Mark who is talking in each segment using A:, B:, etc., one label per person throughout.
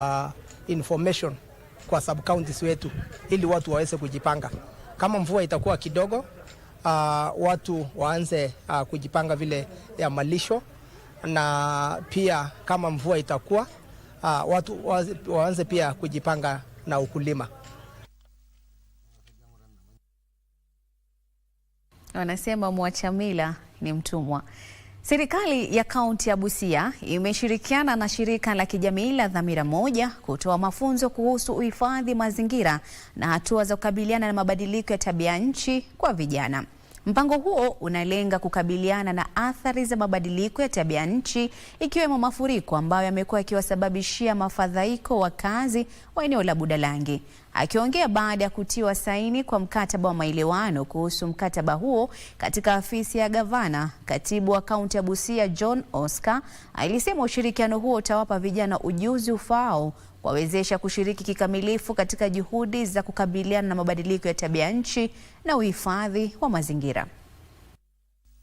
A: Uh, information kwa sub counties wetu ili watu waweze kujipanga. Kama mvua itakuwa kidogo, uh, watu waanze uh, kujipanga vile ya malisho, na pia kama mvua itakuwa uh, watu waanze pia kujipanga na ukulima.
B: Wanasema mwacha mila ni mtumwa. Serikali ya kaunti ya Busia imeshirikiana na shirika la kijamii la Dhamira Moja kutoa mafunzo kuhusu uhifadhi mazingira na hatua za kukabiliana na mabadiliko ya tabia nchi kwa vijana. Mpango huo unalenga kukabiliana na athari za mabadiliko ya tabia nchi ikiwemo mafuriko ambayo yamekuwa yakiwasababishia mafadhaiko wakazi wa eneo la Budalangi. Akiongea baada ya kutiwa saini kwa mkataba wa maelewano kuhusu mkataba huo katika afisi ya gavana, katibu wa kaunti ya Busia John Oscar alisema ushirikiano huo utawapa vijana ujuzi ufaao kuwawezesha kushiriki kikamilifu katika juhudi za kukabiliana na mabadiliko ya tabia nchi na uhifadhi wa mazingira.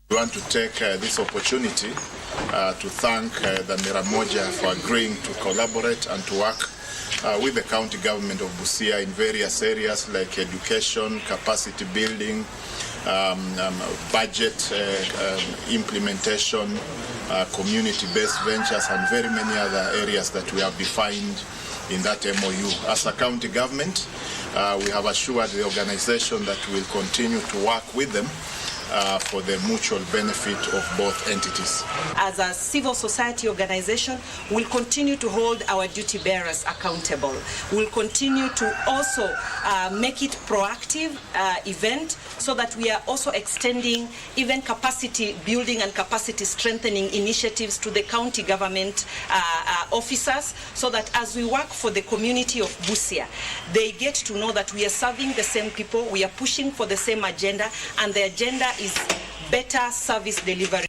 C: We want to take uh, this opportunity uh, to thank uh, the Miramoja for agreeing to collaborate and to work uh, with the county government of Busia in various areas like education, capacity building, um, um, budget uh, um, implementation, uh, community-based ventures, and very many other areas that we have defined in that MOU. As a county government, uh, we have assured the organization that we'll continue to work with them uh, for the mutual benefit of both entities.
D: As a civil society organization, we'll continue to hold our duty bearers accountable. We'll continue to also uh, make it proactive uh, event so that we are also extending even capacity building and capacity strengthening initiatives to the county government uh, uh, officers so that as we work for the community of Busia, they get to know that we are serving the same people, we are pushing for the same agenda, and the agenda is better service delivery.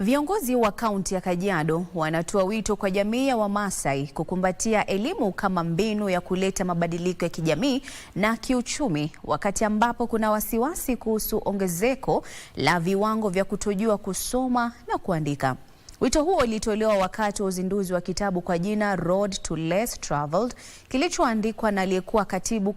B: Viongozi wa kaunti ya Kajiado wanatoa wito kwa jamii ya Wamasai kukumbatia elimu kama mbinu ya kuleta mabadiliko ya kijamii na kiuchumi, wakati ambapo kuna wasiwasi kuhusu ongezeko la viwango vya kutojua kusoma na kuandika. Wito huo ulitolewa wakati wa uzinduzi wa kitabu kwa jina Road to Less Traveled kilichoandikwa na aliyekuwa katibu